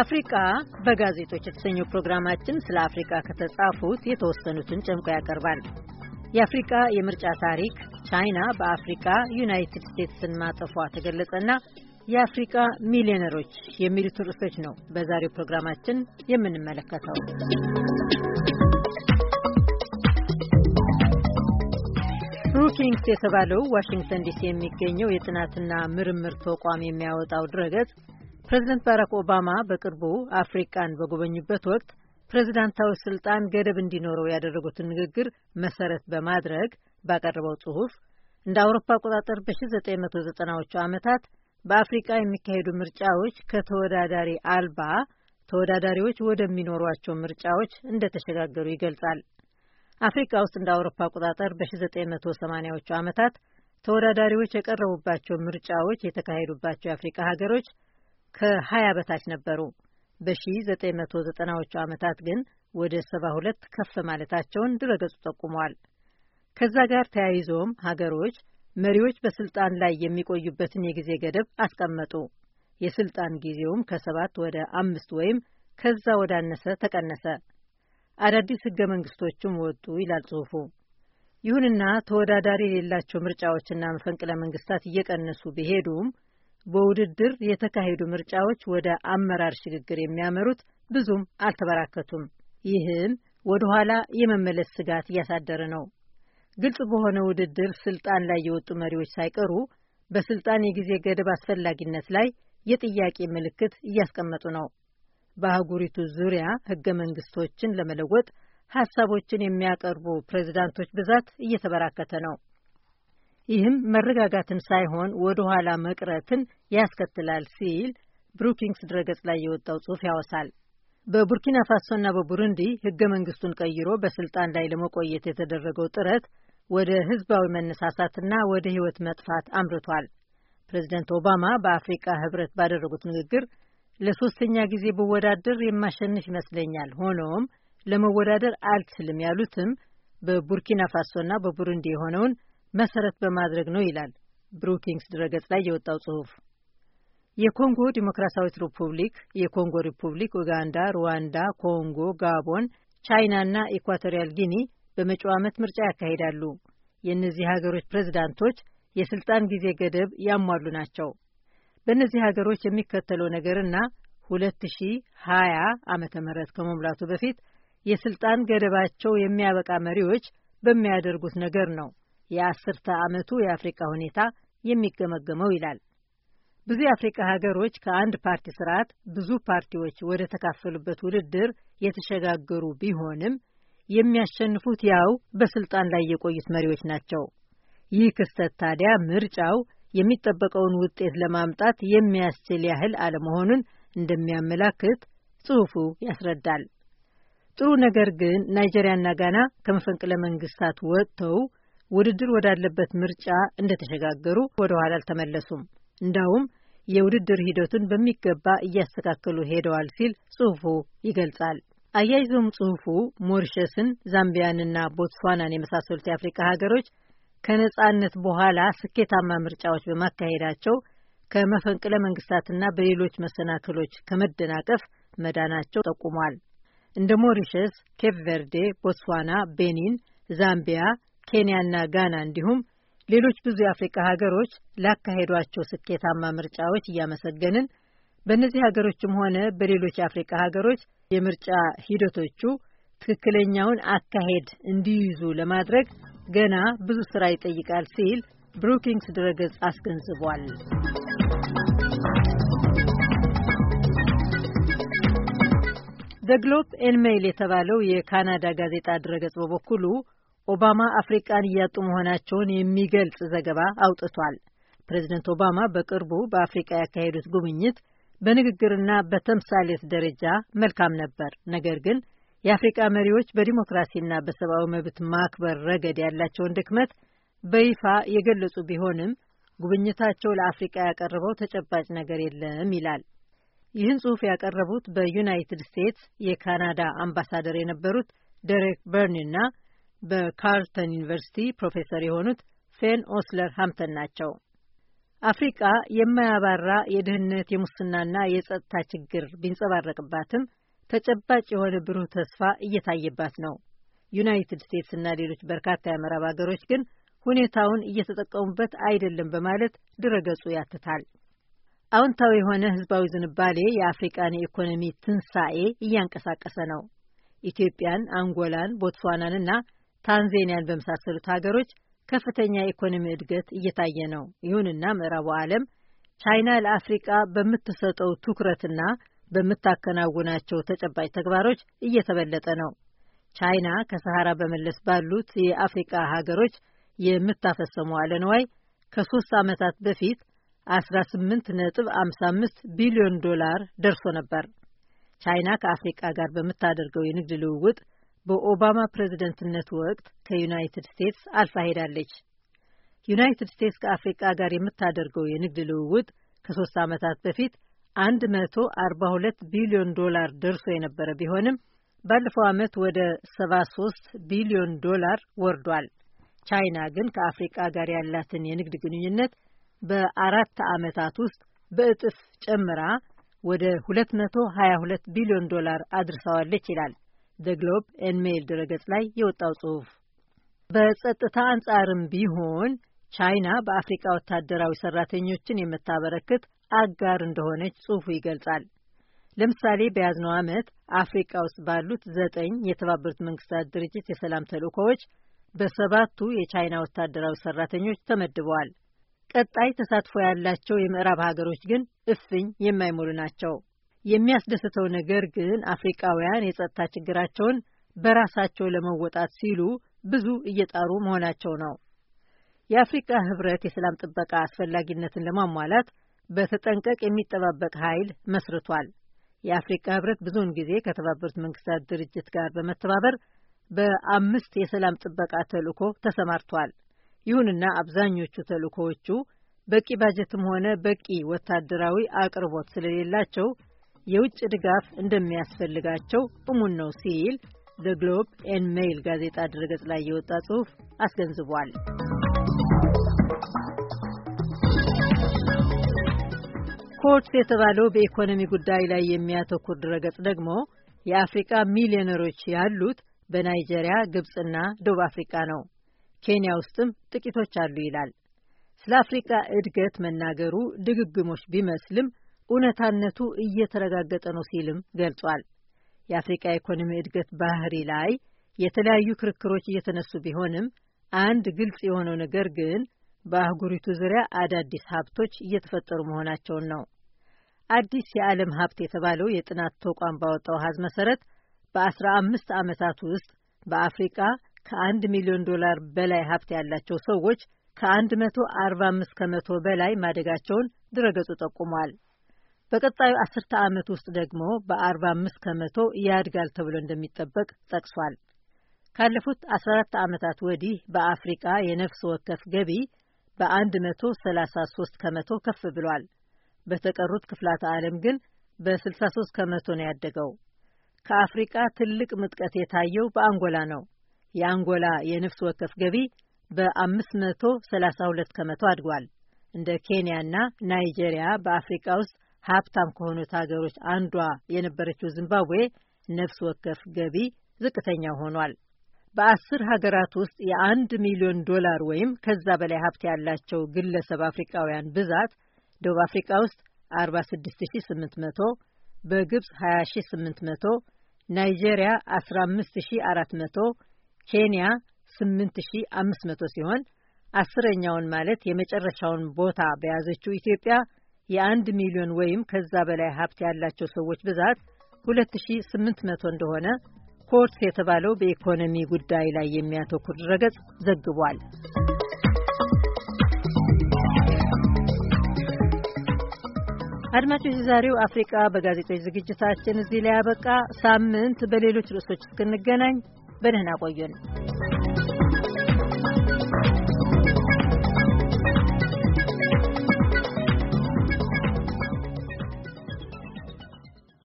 አፍሪቃ በጋዜጦች የተሰኘው ፕሮግራማችን ስለ አፍሪቃ ከተጻፉት የተወሰኑትን ጨምቆ ያቀርባል። የአፍሪቃ የምርጫ ታሪክ፣ ቻይና በአፍሪቃ ዩናይትድ ስቴትስን ማጠፏ ተገለጸና የአፍሪቃ ሚሊዮነሮች የሚሉት ርዕሶች ነው በዛሬው ፕሮግራማችን የምንመለከተው። ብሩኪንግስ የተባለው ዋሽንግተን ዲሲ የሚገኘው የጥናትና ምርምር ተቋም የሚያወጣው ድረገጽ ፕሬዚደንት ባራክ ኦባማ በቅርቡ አፍሪቃን በጎበኙበት ወቅት ፕሬዚዳንታዊ ስልጣን ገደብ እንዲኖረው ያደረጉትን ንግግር መሰረት በማድረግ ባቀረበው ጽሑፍ እንደ አውሮፓ አቆጣጠር በ1990ዎቹ ዓመታት በአፍሪቃ የሚካሄዱ ምርጫዎች ከተወዳዳሪ አልባ ተወዳዳሪዎች ወደሚኖሯቸው ምርጫዎች እንደተሸጋገሩ ይገልጻል። አፍሪካ ውስጥ እንደ አውሮፓ አቆጣጠር በ1980ዎቹ ዓመታት ተወዳዳሪዎች የቀረቡባቸው ምርጫዎች የተካሄዱባቸው የአፍሪካ ሀገሮች ከ20 በታች ነበሩ። በ1990ዎቹ ዓመታት ግን ወደ 72 ከፍ ማለታቸውን ድረገጹ ጠቁመዋል። ከዛ ጋር ተያይዞም ሀገሮች መሪዎች በስልጣን ላይ የሚቆዩበትን የጊዜ ገደብ አስቀመጡ። የስልጣን ጊዜውም ከሰባት ወደ አምስት ወይም ከዛ ወዳነሰ ተቀነሰ። አዳዲስ ህገ መንግስቶችም ወጡ ይላል ጽሁፉ። ይሁንና ተወዳዳሪ የሌላቸው ምርጫዎችና መፈንቅለ መንግስታት እየቀነሱ ቢሄዱም በውድድር የተካሄዱ ምርጫዎች ወደ አመራር ሽግግር የሚያመሩት ብዙም አልተበራከቱም። ይህም ወደ ኋላ የመመለስ ስጋት እያሳደረ ነው። ግልጽ በሆነ ውድድር ስልጣን ላይ የወጡ መሪዎች ሳይቀሩ በስልጣን የጊዜ ገደብ አስፈላጊነት ላይ የጥያቄ ምልክት እያስቀመጡ ነው። በአህጉሪቱ ዙሪያ ህገ መንግስቶችን ለመለወጥ ሀሳቦችን የሚያቀርቡ ፕሬዚዳንቶች ብዛት እየተበራከተ ነው። ይህም መረጋጋትን ሳይሆን ወደ ኋላ መቅረትን ያስከትላል ሲል ብሩኪንግስ ድረገጽ ላይ የወጣው ጽሑፍ ያወሳል። በቡርኪና ፋሶና በቡሩንዲ ህገ መንግስቱን ቀይሮ በስልጣን ላይ ለመቆየት የተደረገው ጥረት ወደ ህዝባዊ መነሳሳትና ወደ ህይወት መጥፋት አምርቷል። ፕሬዚደንት ኦባማ በአፍሪቃ ህብረት ባደረጉት ንግግር ለሶስተኛ ጊዜ ብወዳደር የማሸንፍ ይመስለኛል፣ ሆኖም ለመወዳደር አልችልም ያሉትም በቡርኪና ፋሶና በቡሩንዲ የሆነውን መሰረት በማድረግ ነው ይላል ብሩኪንግስ ድረገጽ ላይ የወጣው ጽሑፍ። የኮንጎ ዲሞክራሲያዊት ሪፑብሊክ፣ የኮንጎ ሪፑብሊክ፣ ኡጋንዳ፣ ሩዋንዳ፣ ኮንጎ፣ ጋቦን፣ ቻይናና ኢኳቶሪያል ጊኒ በመጪው ዓመት ምርጫ ያካሂዳሉ። የእነዚህ ሀገሮች ፕሬዝዳንቶች የስልጣን ጊዜ ገደብ ያሟሉ ናቸው። በእነዚህ ሀገሮች የሚከተለው ነገርና 2020 ዓመተ ምህረት ከመሙላቱ በፊት የስልጣን ገደባቸው የሚያበቃ መሪዎች በሚያደርጉት ነገር ነው የአስርተ ዓመቱ የአፍሪቃ ሁኔታ የሚገመገመው ይላል። ብዙ የአፍሪቃ ሀገሮች ከአንድ ፓርቲ ስርዓት ብዙ ፓርቲዎች ወደ ተካፈሉበት ውድድር የተሸጋገሩ ቢሆንም የሚያሸንፉት ያው በስልጣን ላይ የቆዩት መሪዎች ናቸው። ይህ ክስተት ታዲያ ምርጫው የሚጠበቀውን ውጤት ለማምጣት የሚያስችል ያህል አለመሆኑን እንደሚያመላክት ጽሑፉ ያስረዳል። ጥሩ ነገር ግን ናይጄሪያና ጋና ከመፈንቅለ መንግስታት ወጥተው ውድድር ወዳለበት ምርጫ እንደተሸጋገሩ ወደ ኋላ አልተመለሱም። እንዳውም የውድድር ሂደቱን በሚገባ እያስተካከሉ ሄደዋል ሲል ጽሑፉ ይገልጻል። አያይዞም ጽሑፉ ሞሪሸስን፣ ዛምቢያንና ቦትስዋናን የመሳሰሉት የአፍሪካ ሀገሮች ከነጻነት በኋላ ስኬታማ ምርጫዎች በማካሄዳቸው ከመፈንቅለ መንግስታትና በሌሎች መሰናክሎች ከመደናቀፍ መዳናቸው ጠቁሟል። እንደ ሞሪሸስ፣ ኬፕ ቬርዴ፣ ቦትስዋና፣ ቤኒን፣ ዛምቢያ፣ ኬንያና ጋና እንዲሁም ሌሎች ብዙ የአፍሪካ ሀገሮች ላካሄዷቸው ስኬታማ ምርጫዎች እያመሰገንን በእነዚህ ሀገሮችም ሆነ በሌሎች የአፍሪካ ሀገሮች የምርጫ ሂደቶቹ ትክክለኛውን አካሄድ እንዲይዙ ለማድረግ ገና ብዙ ስራ ይጠይቃል ሲል ብሩኪንግስ ድረገጽ አስገንዝቧል። ዘ ግሎብ ኤን ሜይል የተባለው የካናዳ ጋዜጣ ድረገጽ በበኩሉ ኦባማ አፍሪቃን እያጡ መሆናቸውን የሚገልጽ ዘገባ አውጥቷል። ፕሬዚደንት ኦባማ በቅርቡ በአፍሪቃ ያካሄዱት ጉብኝት በንግግርና በተምሳሌት ደረጃ መልካም ነበር፣ ነገር ግን የአፍሪቃ መሪዎች በዲሞክራሲና በሰብአዊ መብት ማክበር ረገድ ያላቸውን ድክመት በይፋ የገለጹ ቢሆንም ጉብኝታቸው ለአፍሪቃ ያቀረበው ተጨባጭ ነገር የለም ይላል። ይህን ጽሑፍ ያቀረቡት በዩናይትድ ስቴትስ የካናዳ አምባሳደር የነበሩት ዴሬክ በርኒና በካርልተን ዩኒቨርሲቲ ፕሮፌሰር የሆኑት ፌን ኦስለር ሀምተን ናቸው። አፍሪቃ የማያባራ የድህነት የሙስናና የጸጥታ ችግር ቢንጸባረቅባትም ተጨባጭ የሆነ ብሩህ ተስፋ እየታየባት ነው። ዩናይትድ ስቴትስ እና ሌሎች በርካታ የምዕራብ ሀገሮች ግን ሁኔታውን እየተጠቀሙበት አይደለም በማለት ድረገጹ ያትታል። አዎንታዊ የሆነ ህዝባዊ ዝንባሌ የአፍሪቃን የኢኮኖሚ ትንሣኤ እያንቀሳቀሰ ነው። ኢትዮጵያን፣ አንጎላን፣ ቦትስዋናንና ታንዜኒያን በመሳሰሉት ሀገሮች ከፍተኛ የኢኮኖሚ እድገት እየታየ ነው። ይሁንና ምዕራቡ ዓለም ቻይና ለአፍሪቃ በምትሰጠው ትኩረትና በምታከናውናቸው ተጨባጭ ተግባሮች እየተበለጠ ነው። ቻይና ከሰሃራ በመለስ ባሉት የአፍሪቃ ሀገሮች የምታፈሰሙ መዋዕለ ንዋይ ከሶስት ዓመታት በፊት 18 ነጥብ 55 ቢሊዮን ዶላር ደርሶ ነበር። ቻይና ከአፍሪቃ ጋር በምታደርገው የንግድ ልውውጥ በኦባማ ፕሬዝደንትነት ወቅት ከዩናይትድ ስቴትስ አልፋ ሄዳለች። ዩናይትድ ስቴትስ ከአፍሪቃ ጋር የምታደርገው የንግድ ልውውጥ ከሶስት ዓመታት በፊት 142 ቢሊዮን ዶላር ደርሶ የነበረ ቢሆንም ባለፈው ዓመት ወደ 73 ቢሊዮን ዶላር ወርዷል። ቻይና ግን ከአፍሪቃ ጋር ያላትን የንግድ ግንኙነት በአራት ዓመታት ውስጥ በእጥፍ ጨምራ ወደ 222 ቢሊዮን ዶላር አድርሰዋለች ይላል ዘ ግሎብ ኤን ሜል ድረገጽ ላይ የወጣው ጽሑፍ በጸጥታ አንጻርም ቢሆን ቻይና በአፍሪቃ ወታደራዊ ሰራተኞችን የምታበረክት አጋር እንደሆነች ጽሑፉ ይገልጻል። ለምሳሌ በያዝነው ዓመት አፍሪቃ ውስጥ ባሉት ዘጠኝ የተባበሩት መንግስታት ድርጅት የሰላም ተልእኮዎች በሰባቱ የቻይና ወታደራዊ ሰራተኞች ተመድበዋል። ቀጣይ ተሳትፎ ያላቸው የምዕራብ ሀገሮች ግን እፍኝ የማይሞሉ ናቸው። የሚያስደስተው ነገር ግን አፍሪቃውያን የጸጥታ ችግራቸውን በራሳቸው ለመወጣት ሲሉ ብዙ እየጣሩ መሆናቸው ነው። የአፍሪቃ ህብረት የሰላም ጥበቃ አስፈላጊነትን ለማሟላት በተጠንቀቅ የሚጠባበቅ ኃይል መስርቷል። የአፍሪካ ህብረት ብዙውን ጊዜ ከተባበሩት መንግስታት ድርጅት ጋር በመተባበር በአምስት የሰላም ጥበቃ ተልእኮ ተሰማርቷል። ይሁንና አብዛኞቹ ተልእኮዎቹ በቂ ባጀትም ሆነ በቂ ወታደራዊ አቅርቦት ስለሌላቸው የውጭ ድጋፍ እንደሚያስፈልጋቸው እሙን ነው ሲል ዘ ግሎብ ኤን ሜይል ጋዜጣ ድረገጽ ላይ የወጣ ጽሑፍ አስገንዝቧል። ኮርትስ የተባለው በኢኮኖሚ ጉዳይ ላይ የሚያተኩር ድረገጽ ደግሞ የአፍሪቃ ሚሊዮነሮች ያሉት በናይጄሪያ፣ ግብፅና ደቡብ አፍሪቃ ነው፣ ኬንያ ውስጥም ጥቂቶች አሉ ይላል። ስለ አፍሪቃ እድገት መናገሩ ድግግሞች ቢመስልም እውነታነቱ እየተረጋገጠ ነው ሲልም ገልጿል። የአፍሪቃ ኢኮኖሚ እድገት ባህሪ ላይ የተለያዩ ክርክሮች እየተነሱ ቢሆንም አንድ ግልጽ የሆነው ነገር ግን በአህጉሪቱ ዙሪያ አዳዲስ ሀብቶች እየተፈጠሩ መሆናቸውን ነው። አዲስ የዓለም ሀብት የተባለው የጥናት ተቋም ባወጣው ሀዝ መሰረት በአስራ አምስት ዓመታት ውስጥ በአፍሪቃ ከአንድ ሚሊዮን ዶላር በላይ ሀብት ያላቸው ሰዎች ከአንድ መቶ አርባ አምስት ከመቶ በላይ ማደጋቸውን ድረገጹ ጠቁሟል። በቀጣዩ አስርተ ዓመት ውስጥ ደግሞ በ45 ከመቶ ያድጋል ተብሎ እንደሚጠበቅ ጠቅሷል። ካለፉት አራት ዓመታት ወዲህ በአፍሪቃ የነፍስ ወከፍ ገቢ በአንድ መቶ ሰላሳ ሶስት ከመቶ ከፍ ብሏል። በተቀሩት ክፍላተ ዓለም ግን በ63 ከመቶ ነው ያደገው። ከአፍሪቃ ትልቅ ምጥቀት የታየው በአንጎላ ነው። የአንጎላ የነፍስ ወከፍ ገቢ በ ሁለት ከመቶ አድጓል። እንደ ኬንያና ናይጄሪያ በአፍሪቃ ውስጥ ሀብታም ከሆኑት ሀገሮች አንዷ የነበረችው ዚምባብዌ ነፍስ ወከፍ ገቢ ዝቅተኛ ሆኗል። በአስር ሀገራት ውስጥ የአንድ ሚሊዮን ዶላር ወይም ከዛ በላይ ሀብት ያላቸው ግለሰብ አፍሪቃውያን ብዛት ደቡብ አፍሪቃ ውስጥ 46800፣ በግብፅ መቶ ናይጄሪያ መቶ ኬንያ መቶ ሲሆን አስረኛውን ማለት የመጨረሻውን ቦታ በያዘችው ኢትዮጵያ የአንድ ሚሊዮን ወይም ከዛ በላይ ሀብት ያላቸው ሰዎች ብዛት 2800 እንደሆነ ኮርስ የተባለው በኢኮኖሚ ጉዳይ ላይ የሚያተኩር ድረገጽ ዘግቧል። አድማጮች፣ የዛሬው አፍሪቃ በጋዜጦች ዝግጅታችን እዚህ ላይ ያበቃ። ሳምንት በሌሎች ርዕሶች እስክንገናኝ በደህና ቆዩን።